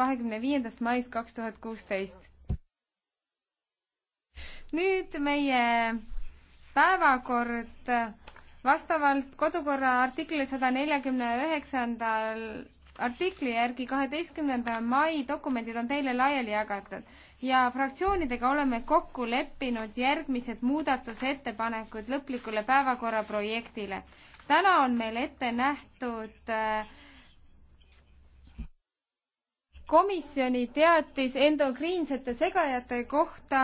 kahekümne viiendast maist kaks tuhat kuusteist. nüüd meie päevakord vastavalt kodukorra artiklile sada neljakümne üheksandal artikli järgi kaheteistkümnenda mai dokumendid on teile laiali jagatud ja fraktsioonidega oleme kokku leppinud järgmised muudatusettepanekud lõplikule päevakorra projektile. täna on meil ette nähtud äh, komisjoni teatis endokriinsete segajate kohta,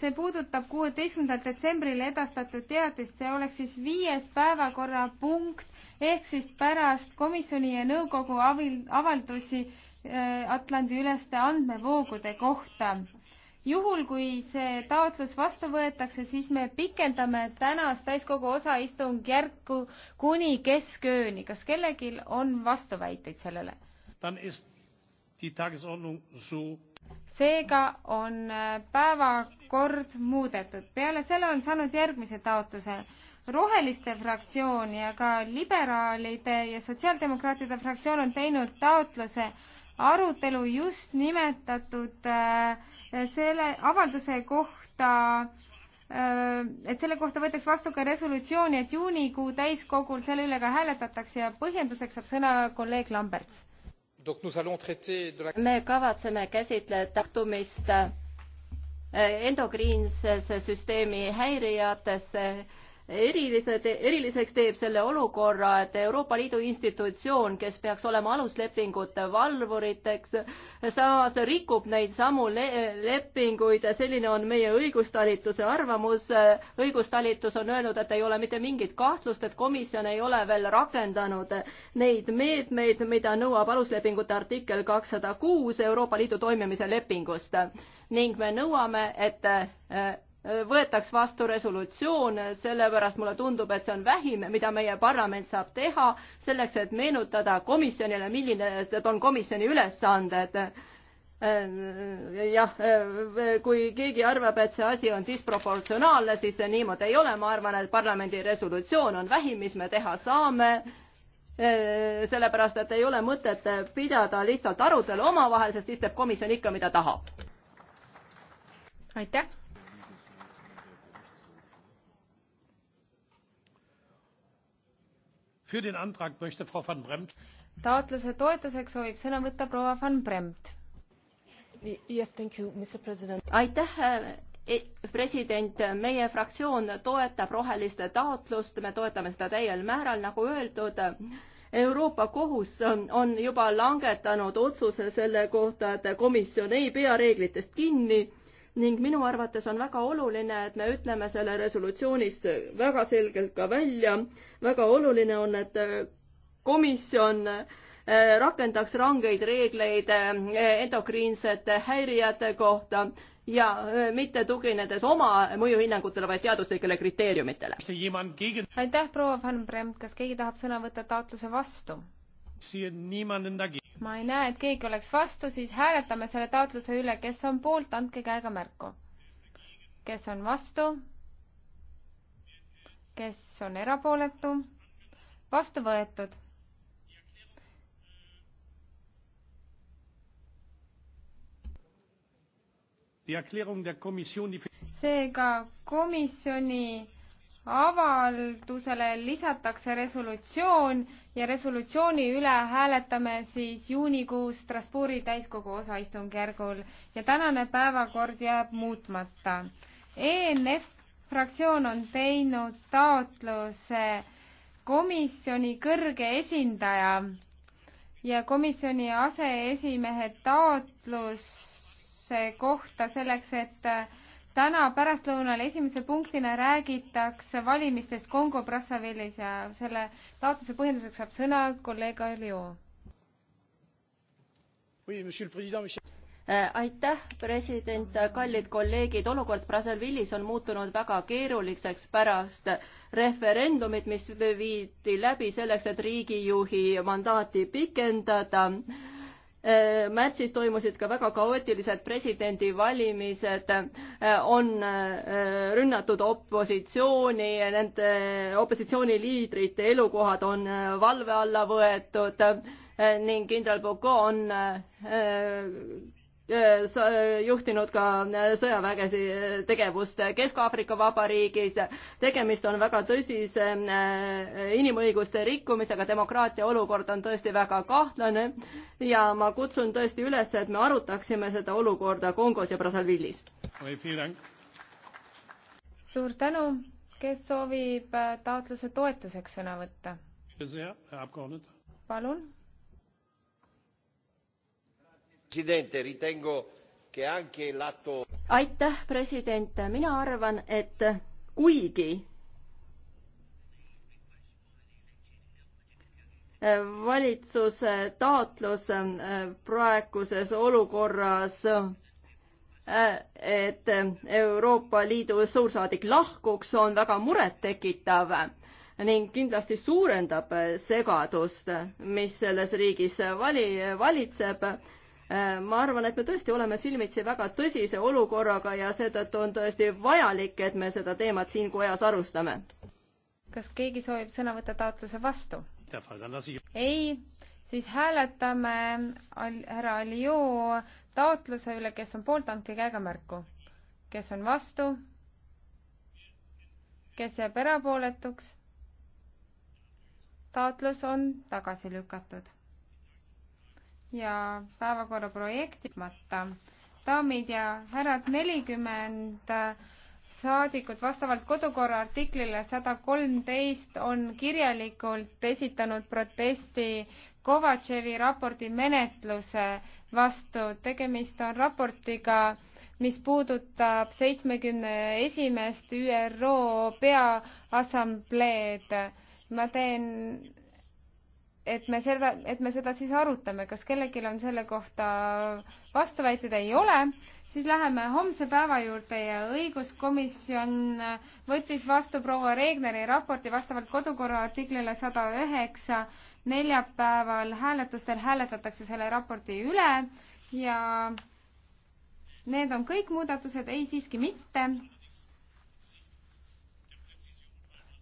see puudutab kuueteistkümnendal detsembril edastatud teatist, see oleks siis viies päevakorrapunkt ehk siis pärast komisjoni ja nõukogu avil-, avaldusi äh, Atlandi-üleste andmevoogude kohta. juhul, kui see taotlus vastu võetakse, siis me pikendame tänast täiskogu osaistungjärku kuni keskööni. kas kellelgi on vastuväiteid sellele? dann ist seega on äh, päevakord muudetud. peale selle on saanud järgmise taotluse. roheliste fraktsioon ja ka liberaalide ja sotsiaaldemokraatide fraktsioon on teinud taotluse arutelu just nimetatud äh, selle avalduse kohta äh, et selle kohta võetakse vastu ka resolutsiooni, et juunikuu täiskogul selle üle ka hääletatakse ja põhjenduseks saab sõna kolleeg Lamberts me kavatseme käsitleda tahtumist eh, endokriinse süsteemi häirijatesse erilise te,, eriliseks teeb selle olukorra, et Euroopa Liidu institutsioon, kes peaks olema aluslepingute valvuriteks, samas rikub neid samu le, lepinguid, selline on meie õigustalituse arvamus. õigustalitus on öelnud, et ei ole mitte mingit kahtlust, et komisjon ei ole veel rakendanud neid meetmeid, mida nõuab aluslepingute artikkel kakssada kuus Euroopa Liidu toimimise lepingust ning me nõuame, et võetaks vastu resolutsioon, sellepärast mulle tundub, et see on vähim, mida meie parlament saab teha selleks, et meenutada komisjonile, milline on komisjoni ülesanded. Äh, jah, äh, kui keegi arvab, et see asi on disproportsionaalne, siis see niimoodi ei ole, ma arvan, et parlamendi resolutsioon on vähim, mis me teha saame äh, sellepärast, et ei ole mõtet pidada lihtsalt arutelu omavahel, sest siis teeb komisjon ikka, mida tahab. aitäh taotluse toetuseks soovib sõna võtta proua van Bremt. Yes, aitäh, eh, president, meie fraktsioon toetab roheliste taotlust, me toetame seda täiel määral, nagu öeldud Euroopa Kohus on juba langetanud otsuse selle kohta, et komisjon ei pea reeglitest kinni ning minu arvates on väga oluline, et me ütleme selle resolutsioonis väga selgelt ka välja, väga oluline on, et komisjon äh, rakendaks rangeid reegleid äh, endokriinsete häirijate kohta ja äh, mitte tuginedes oma mõjuhinnangutele, vaid teaduslikele kriteeriumitele. aitäh, proua Van Bremt, kas keegi tahab sõna võtta taotluse vastu? ma ei näe, et keegi oleks vastu, siis hääletame selle taotluse üle, kes on poolt, andke käega märku. kes on vastu? kes on erapooletu? vastu võetud. seega komisjoni avaldusele lisatakse resolutsioon ja resolutsiooni üle hääletame siis juunikuus Strasbourgi täiskogu osaistungjärgul ja tänane päevakord jääb muutmata. ENF fraktsioon on teinud taotluse komisjoni kõrge esindaja ja komisjoni aseesimehe taotluse kohta selleks, et täna pärastlõunal esimese punktina räägitakse valimistest Kongo Brassavillis ja selle taotluse põhjenduseks saab sõna kolleeg Aljo. Äh, aitäh, president, äh, kallid kolleegid, olukord Brassavillis on muutunud väga keeruliseks pärast referendumit, mis viidi läbi selleks, et riigijuhi mandaati pikendada Äh, märtsis toimusid ka väga kaootilised presidendivalimised, äh, on äh, rünnatud opositsiooni, nende opositsiooniliidrite elukohad on valve alla võetud ning kindral Boko on Äh, äh, juhtinud ka äh, sõjavägesi tegevust Kesk-Aafrika Vabariigis. tegemist on väga tõsise inimõiguste rikkumisega, demokraatia olukord on tõesti väga kahtlane ja ma kutsun tõesti üles, et me arutaksime seda olukorda Kongos ja Brasavillis. suur tänu, kes soovib taotluse toetuseks sõna võtta? palun aitäh, president, mina arvan, et kuigi valitsuse taotlus äh, praeguses olukorras, äh, et Euroopa Liidu suursaadik lahkuks, on väga murettekitav ning kindlasti suurendab segadust, mis selles riigis vali, valitseb Äh, ma arvan, et me tõesti oleme silmitsi väga tõsise olukorraga ja seetõttu on tõesti vajalik, et me seda teemat siin kojas arustame. kas keegi soovib sõna võtta taotluse vastu? ei, siis hääletame härra Alioo taotluse üle, kes on poolt, andke käega märku. kes on vastu? kes jääb erapooletuks? taotlus on tagasi lükatud ja päevakorra projektimata. daamid ja härrad, nelikümmend saadikut vastavalt kodukorra artiklile sada kolmteist on kirjalikult esitanud protesti Kovatševi raporti menetluse vastu. tegemist on raportiga, mis puudutab seitsmekümne esimest ÜRO Peaassambleed. ma teen et me seda, et me seda siis arutame, kas kellelgi on selle kohta vastuväiteid, ei ole, siis läheme homse päeva juurde ja õiguskomisjon võttis vastu proua Regneri raporti vastavalt kodukorra artiklile sada üheksa. neljapäeval hääletustel hääletatakse selle raporti üle ja need on kõik muudatused, ei siiski mitte.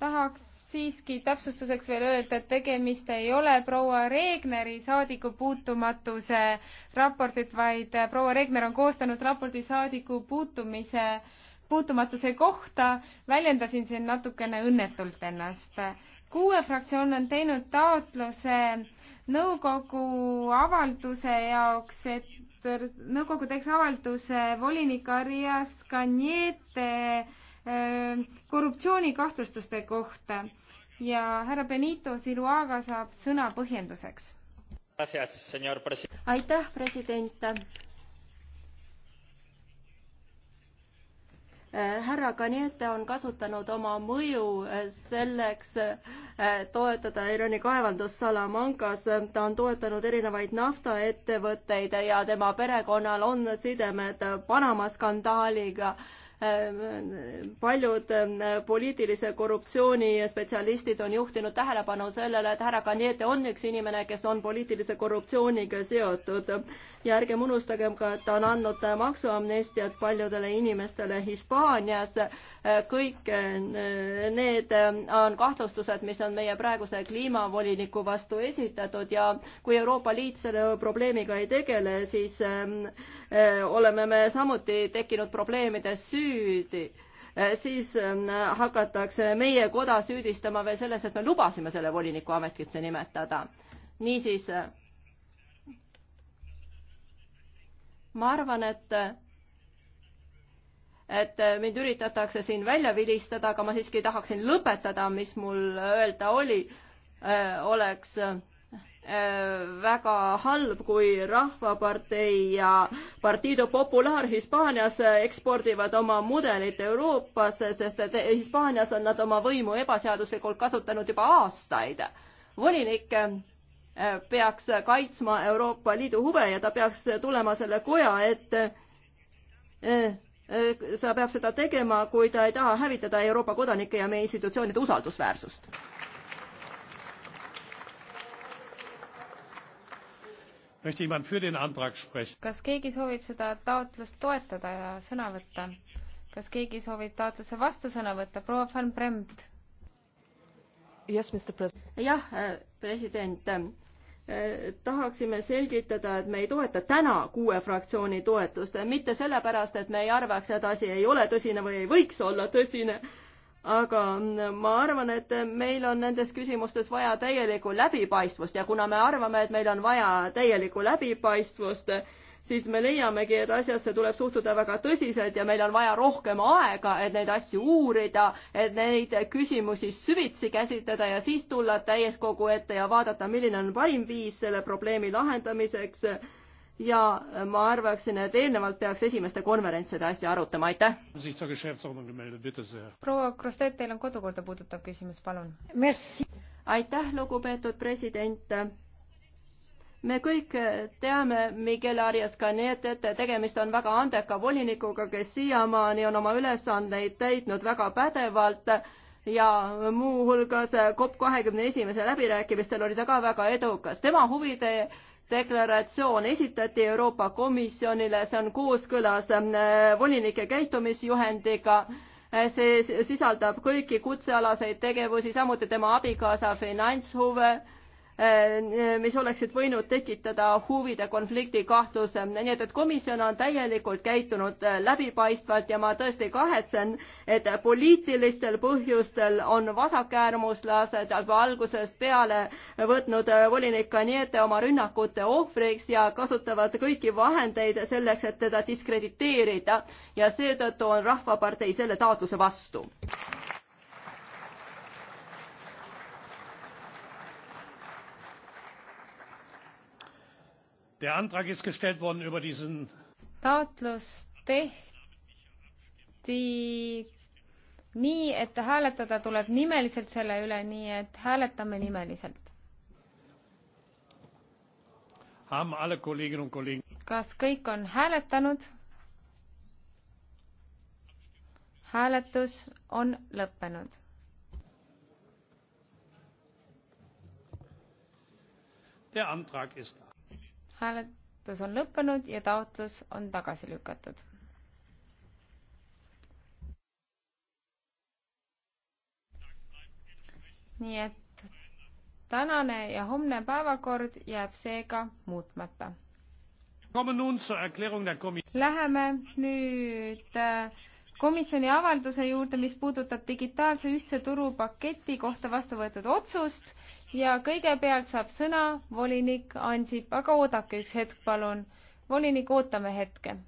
tahaks siiski täpsustuseks veel öelda, et tegemist ei ole proua Regneri saadikupuutumatuse raportit, vaid proua Regner on koostanud raporti saadikupuutumise, puutumatuse kohta. väljendasin siin natukene õnnetult ennast. kuue fraktsioon on teinud taotluse nõukogu avalduse jaoks, et nõukogu teeks avalduse volinik Arias Kanjete äh, korruptsioonikahtlustuste kohta ja härra Benito Siluaga saab sõna põhjenduseks. aitäh, president. Äh, härra Kaniete on kasutanud oma mõju äh, selleks äh, toetada Irani kaevandust Salamancas. ta on toetanud erinevaid naftaettevõtteid ja tema perekonnal on sidemed Panama skandaaliga Ehm, paljud ehm, poliitilise korruptsiooni spetsialistid on juhtinud tähelepanu sellele, et härra Kaniete on üks inimene, kes on poliitilise korruptsiooniga seotud ja ärgem unustagem ka, et ta on andnud maksuamnestiat paljudele inimestele Hispaanias. Ehm, kõik need on kahtlustused, mis on meie praeguse kliimavoliniku vastu esitatud ja kui Euroopa Liit selle probleemiga ei tegele, siis oleme me samuti tekkinud probleemide süü süüdi, eh, siis eh, hakatakse meie koda süüdistama veel selles, et me lubasime selle voliniku ametisse nimetada. niisiis, eh, ma arvan, et et mind üritatakse siin välja vilistada, aga ma siiski tahaksin lõpetada, mis mul öelda oli, oleks Äh, väga halb, kui Rahvapartei ja Partido Popular Hispaanias äh, ekspordivad oma mudelit Euroopasse, sest et äh, Hispaanias on nad oma võimu ebaseaduslikult kasutanud juba aastaid. volinik peaks kaitsma Euroopa Liidu huve ja ta peaks tulema selle koja ette. sa peab seda tegema, kui ta ei taha hävitada Euroopa kodanike ja meie institutsioonide usaldusväärsust kas keegi soovib seda taotlust toetada ja sõna võtta? kas keegi soovib taotluse vastu sõna võtta? proua van Bremt. jah, äh, president, äh, tahaksime selgitada, et me ei toeta täna kuue fraktsiooni toetust, mitte sellepärast, et me ei arvaks, et asi ei ole tõsine või ei võiks olla tõsine aga mm, ma arvan, et meil on nendes küsimustes vaja täielikku läbipaistvust ja kuna me arvame, et meil on vaja täielikku läbipaistvust, siis me leiamegi, et asjasse tuleb suhtuda väga tõsiselt ja meil on vaja rohkem aega, et neid asju uurida, et neid küsimusi süvitsi käsitleda ja siis tulla täieskogu ette ja vaadata, milline on parim viis selle probleemi lahendamiseks ja äh, ma arvaksin, et eelnevalt peaks esimeste konverents seda asja arutama, aitäh. proua Krustet, teil on kodukorda puudutav küsimus, palun. aitäh, lugupeetud president. me kõik teame Miguel Arias Canetet, tegemist on väga andeka volinikuga, kes siiamaani on oma ülesandeid täitnud väga pädevalt ja muuhulgas COP kahekümne esimese läbirääkimistel oli ta ka väga edukas. tema huvide deklaratsioon esitati Euroopa Komisjonile, see on kooskõlas äh, volinike käitumisjuhendiga äh, see sisaldab kõiki kutsealaseid tegevusi, samuti tema abikaasa finantshuve Äh, mis oleksid võinud tekitada huvide konflikti kahtluse. nii et, et komisjon on täielikult käitunud äh, läbipaistvalt ja ma tõesti kahetsen, et poliitilistel põhjustel on vasakäärmuslased juba algusest peale võtnud äh, volinik Kaniete oma rünnakute ohvriks ja kasutavad kõiki vahendeid selleks, et teda diskrediteerida ja seetõttu on Rahvapartei selle taotluse vastu. der antrag ist gestellt worden über diesen taotlus tehti nii et hääletada tuleb nimeliselt selle üle nii et hääletame nimeliselt haben alle kolleginnen und kollegen kas kõik on hääletanud hääletus on lõppenud der antrag ist hääletus on lõppenud ja taotlus on tagasi lükatud. nii et tänane ja homne päevakord jääb seega muutmata. Läheme nüüd äh, komisjoni avalduse juurde, mis puudutab digitaalse ühtse turu paketi kohta vastu võetud otsust ja kõigepealt saab sõna volinik Ansip, aga oodake üks hetk, palun. volinik, ootame hetke